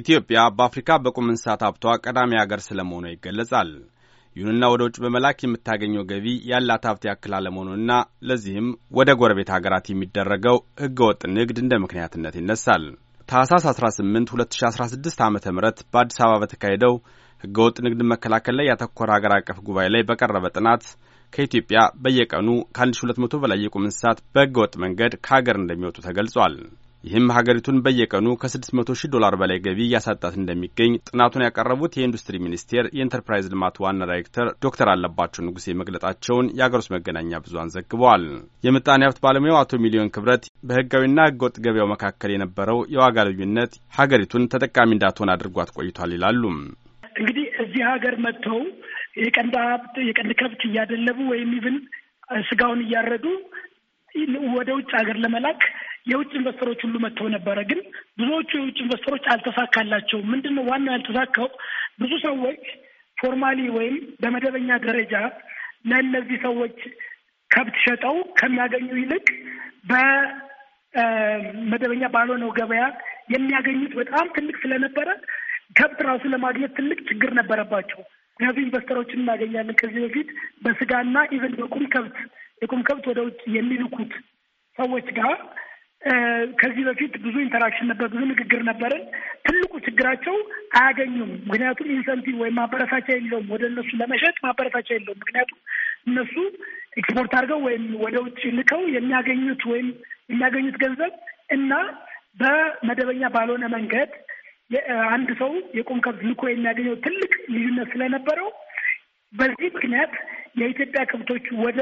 ኢትዮጵያ በአፍሪካ በቁም እንስሳት ሀብቷ ቀዳሚ ሀገር ስለመሆኗ ይገለጻል። ይሁንና ወደ ውጭ በመላክ የምታገኘው ገቢ ያላት ሀብት ያክል አለመሆኑና ለዚህም ወደ ጎረቤት ሀገራት የሚደረገው ህገወጥ ንግድ እንደ ምክንያትነት ይነሳል። ታህሳስ 18 2016 ዓ ም በአዲስ አበባ በተካሄደው ህገወጥ ንግድ መከላከል ላይ ያተኮረ ሀገር አቀፍ ጉባኤ ላይ በቀረበ ጥናት ከኢትዮጵያ በየቀኑ ከ1200 በላይ የቁም እንስሳት በህገወጥ መንገድ ከሀገር እንደሚወጡ ተገልጿል። ይህም ሀገሪቱን በየቀኑ ከ600 ሺህ ዶላር በላይ ገቢ እያሳጣት እንደሚገኝ ጥናቱን ያቀረቡት የኢንዱስትሪ ሚኒስቴር የኢንተርፕራይዝ ልማት ዋና ዳይሬክተር ዶክተር አለባቸው ንጉሴ መግለጻቸውን የአገር ውስጥ መገናኛ ብዙሃን ዘግበዋል። የምጣኔ ሀብት ባለሙያው አቶ ሚሊዮን ክብረት በህጋዊና ህገወጥ ገበያው መካከል የነበረው የዋጋ ልዩነት ሀገሪቱን ተጠቃሚ እንዳትሆን አድርጓት ቆይቷል ይላሉ። እንግዲህ እዚህ ሀገር መጥተው የቀንድ ሀብት የቀንድ ከብት እያደለቡ ወይም ይብን ስጋውን እያረዱ ወደ ውጭ ሀገር ለመላክ የውጭ ኢንቨስተሮች ሁሉ መጥተው ነበረ። ግን ብዙዎቹ የውጭ ኢንቨስተሮች አልተሳካላቸውም። ምንድን ነው ዋናው ያልተሳካው? ብዙ ሰዎች ፎርማሊ ወይም በመደበኛ ደረጃ ለእነዚህ ሰዎች ከብት ሸጠው ከሚያገኙ ይልቅ በመደበኛ ባልሆነው ገበያ የሚያገኙት በጣም ትልቅ ስለነበረ ከብት ራሱ ለማግኘት ትልቅ ችግር ነበረባቸው። ምክንያቱም ኢንቨስተሮችን እናገኛለን ከዚህ በፊት በስጋና ኢቨን በቁም ከብት የቁም ከብት ወደ ውጭ የሚልኩት ሰዎች ጋር ከዚህ በፊት ብዙ ኢንተራክሽን ነበር፣ ብዙ ንግግር ነበረን። ትልቁ ችግራቸው አያገኙም። ምክንያቱም ኢንሰንቲቭ ወይም ማበረታቻ የለውም። ወደ እነሱ ለመሸጥ ማበረታቻ የለውም። ምክንያቱም እነሱ ኤክስፖርት አድርገው ወይም ወደ ውጭ ልከው የሚያገኙት ወይም የሚያገኙት ገንዘብ እና በመደበኛ ባልሆነ መንገድ አንድ ሰው የቁም ከብት ልኮ የሚያገኘው ትልቅ ልዩነት ስለነበረው በዚህ ምክንያት የኢትዮጵያ ከብቶች ወደ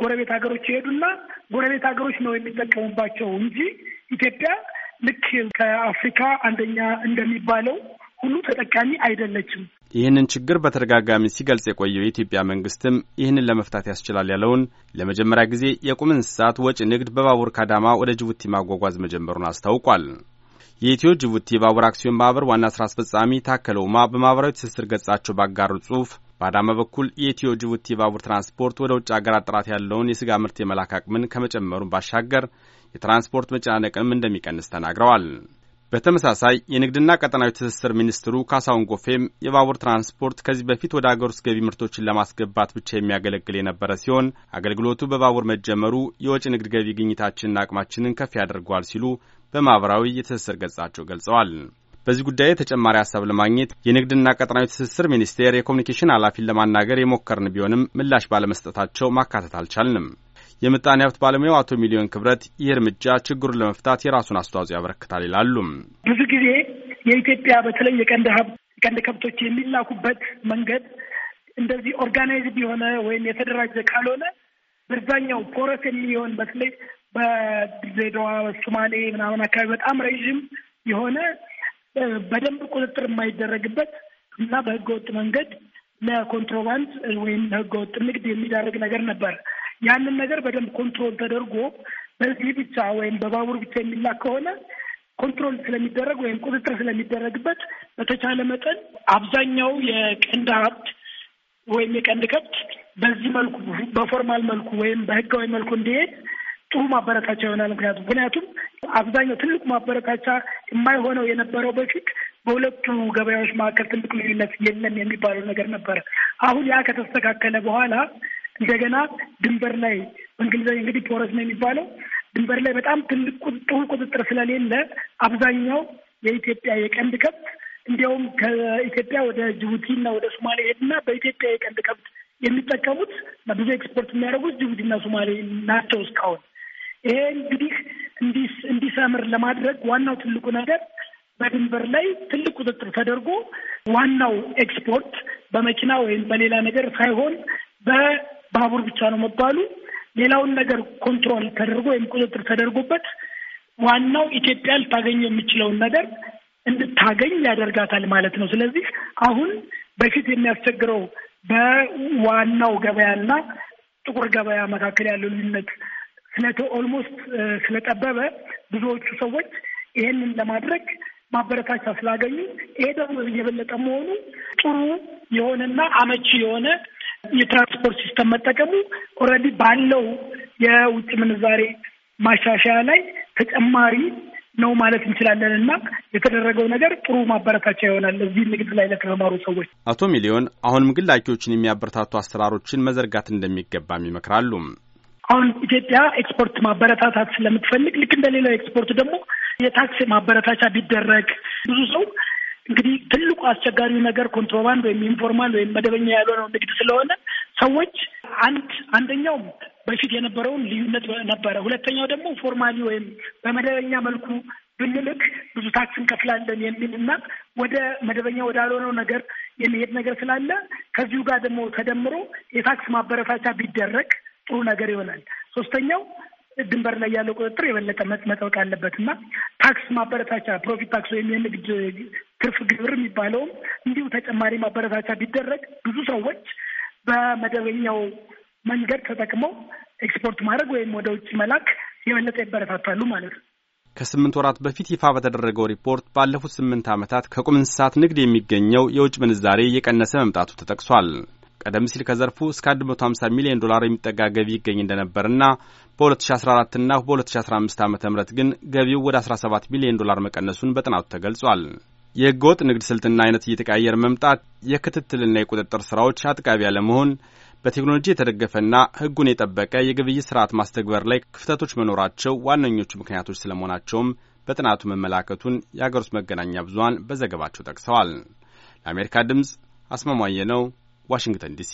ጎረቤት ሀገሮች የሄዱና ጎረቤት ሀገሮች ነው የሚጠቀሙባቸው እንጂ ኢትዮጵያ ልክ ከአፍሪካ አንደኛ እንደሚባለው ሁሉ ተጠቃሚ አይደለችም። ይህንን ችግር በተደጋጋሚ ሲገልጽ የቆየው የኢትዮጵያ መንግስትም ይህንን ለመፍታት ያስችላል ያለውን ለመጀመሪያ ጊዜ የቁም እንስሳት ወጪ ንግድ በባቡር ካዳማ ወደ ጅቡቲ ማጓጓዝ መጀመሩን አስታውቋል። የኢትዮ ጅቡቲ የባቡር አክሲዮን ማህበር ዋና ስራ አስፈጻሚ ታከለ ኡማ በማህበራዊ ትስስር ገጻቸው ባጋሩ ጽሁፍ በአዳማ በኩል የኢትዮ ጅቡቲ ባቡር ትራንስፖርት ወደ ውጭ አገራት ጥራት ያለውን የስጋ ምርት የመላክ አቅምን ከመጨመሩን ባሻገር የትራንስፖርት መጨናነቅንም እንደሚቀንስ ተናግረዋል። በተመሳሳይ የንግድና ቀጠናዊ ትስስር ሚኒስትሩ ካሳሁን ጎፌም የባቡር ትራንስፖርት ከዚህ በፊት ወደ አገር ውስጥ ገቢ ምርቶችን ለማስገባት ብቻ የሚያገለግል የነበረ ሲሆን አገልግሎቱ በባቡር መጀመሩ የወጪ ንግድ ገቢ ግኝታችንና አቅማችንን ከፍ ያደርገዋል ሲሉ በማኅበራዊ የትስስር ገጻቸው ገልጸዋል። በዚህ ጉዳይ ተጨማሪ ሀሳብ ለማግኘት የንግድና ቀጠናዊ ትስስር ሚኒስቴር የኮሚኒኬሽን ኃላፊን ለማናገር የሞከርን ቢሆንም ምላሽ ባለመስጠታቸው ማካተት አልቻልንም። የምጣኔ ሀብት ባለሙያው አቶ ሚሊዮን ክብረት ይህ እርምጃ ችግሩን ለመፍታት የራሱን አስተዋጽኦ ያበረክታል ይላሉ። ብዙ ጊዜ የኢትዮጵያ በተለይ የቀንድ ሀብት የቀንድ ከብቶች የሚላኩበት መንገድ እንደዚህ ኦርጋናይዝድ የሆነ ወይም የተደራጀ ካልሆነ በዛኛው ፖረስ የሚሆን በተለይ በድሬዳዋ፣ ሶማሌ ምናምን አካባቢ በጣም ረዥም የሆነ በደንብ ቁጥጥር የማይደረግበት እና በህገወጥ መንገድ ለኮንትሮባንድ ወይም ለህገወጥ ንግድ የሚዳርግ ነገር ነበር። ያንን ነገር በደንብ ኮንትሮል ተደርጎ በዚህ ብቻ ወይም በባቡር ብቻ የሚላክ ከሆነ ኮንትሮል ስለሚደረግ ወይም ቁጥጥር ስለሚደረግበት በተቻለ መጠን አብዛኛው የቀንድ ሀብት ወይም የቀንድ ከብት በዚህ መልኩ በፎርማል መልኩ ወይም በህጋዊ መልኩ እንዲሄድ ጥሩ ማበረታቻ ይሆናል። ምክንያቱም ምክንያቱም አብዛኛው ትልቁ ማበረታቻ የማይሆነው የነበረው በፊት በሁለቱ ገበያዎች መካከል ትልቅ ልዩነት የለም የሚባለው ነገር ነበረ። አሁን ያ ከተስተካከለ በኋላ እንደገና ድንበር ላይ በእንግሊዝኛ እንግዲህ ፖረስ ነው የሚባለው ድንበር ላይ በጣም ትልቅ ጥሩ ቁጥጥር ስለሌለ አብዛኛው የኢትዮጵያ የቀንድ ከብት እንዲያውም ከኢትዮጵያ ወደ ጅቡቲ እና ወደ ሶማሌ ሄድና በኢትዮጵያ የቀንድ ከብት የሚጠቀሙት ብዙ ኤክስፖርት የሚያደርጉት ጅቡቲና ሶማሌ ናቸው እስካሁን ይሄ እንግዲህ እንዲሰምር ለማድረግ ዋናው ትልቁ ነገር በድንበር ላይ ትልቅ ቁጥጥር ተደርጎ ዋናው ኤክስፖርት በመኪና ወይም በሌላ ነገር ሳይሆን በባቡር ብቻ ነው መባሉ፣ ሌላውን ነገር ኮንትሮል ተደርጎ ወይም ቁጥጥር ተደርጎበት ዋናው ኢትዮጵያ ልታገኘው የምችለውን ነገር እንድታገኝ ያደርጋታል ማለት ነው። ስለዚህ አሁን በፊት የሚያስቸግረው በዋናው ገበያና ጥቁር ገበያ መካከል ያለው ልዩነት ስለ ኦልሞስት uh, ስለጠበበ ብዙዎቹ ሰዎች ይሄንን ለማድረግ ማበረታቻ ስላገኙ ይሄ ደግሞ እየበለጠ መሆኑ ጥሩ የሆነና አመቺ የሆነ የትራንስፖርት ሲስተም መጠቀሙ ኦልሬዲ ባለው የውጭ ምንዛሬ ማሻሻያ ላይ ተጨማሪ ነው ማለት እንችላለን እና የተደረገው ነገር ጥሩ ማበረታቻ ይሆናል እዚህ ንግድ ላይ ለተማሩ ሰዎች። አቶ ሚሊዮን አሁንም ግን ላኪዎችን የሚያበረታቱ አሰራሮችን መዘርጋት እንደሚገባም ይመክራሉ። አሁን ኢትዮጵያ ኤክስፖርት ማበረታታት ስለምትፈልግ ልክ እንደሌላው ኤክስፖርት ደግሞ የታክስ ማበረታቻ ቢደረግ ብዙ ሰው እንግዲህ ትልቁ አስቸጋሪው ነገር ኮንትሮባንድ ወይም ኢንፎርማል ወይም መደበኛ ያልሆነው ንግድ ስለሆነ ሰዎች አንድ አንደኛው በፊት የነበረውን ልዩነት ነበረ። ሁለተኛው ደግሞ ፎርማሊ ወይም በመደበኛ መልኩ ብንልክ ብዙ ታክስ እንከፍላለን የሚል እና ወደ መደበኛ ወዳልሆነው ነገር የሚሄድ ነገር ስላለ ከዚሁ ጋር ደግሞ ተደምሮ የታክስ ማበረታቻ ቢደረግ ጥሩ ነገር ይሆናል። ሶስተኛው ድንበር ላይ ያለው ቁጥጥር የበለጠ መጠበቅ አለበት እና ታክስ ማበረታቻ ፕሮፊት ታክስ ወይም የንግድ ትርፍ ግብር የሚባለውም እንዲሁ ተጨማሪ ማበረታቻ ቢደረግ ብዙ ሰዎች በመደበኛው መንገድ ተጠቅመው ኤክስፖርት ማድረግ ወይም ወደ ውጭ መላክ የበለጠ ይበረታታሉ ማለት ነው። ከስምንት ወራት በፊት ይፋ በተደረገው ሪፖርት ባለፉት ስምንት ዓመታት ከቁም እንስሳት ንግድ የሚገኘው የውጭ ምንዛሬ እየቀነሰ መምጣቱ ተጠቅሷል። ቀደም ሲል ከዘርፉ እስከ 150 ሚሊዮን ዶላር የሚጠጋ ገቢ ይገኝ እንደነበርና በ2014 ና በ2015 ዓ ም ግን ገቢው ወደ 17 ሚሊዮን ዶላር መቀነሱን በጥናቱ ተገልጿል። የህገወጥ ንግድ ስልትና አይነት እየተቀያየር መምጣት፣ የክትትልና የቁጥጥር ስራዎች አጥቃቢ ያለመሆን፣ በቴክኖሎጂ የተደገፈና ህጉን የጠበቀ የግብይት ስርዓት ማስተግበር ላይ ክፍተቶች መኖራቸው ዋነኞቹ ምክንያቶች ስለመሆናቸውም በጥናቱ መመላከቱን የአገር ውስጥ መገናኛ ብዙሀን በዘገባቸው ጠቅሰዋል። ለአሜሪካ ድምፅ አስማማየ ነው። ዋሽንግተን ዲሲ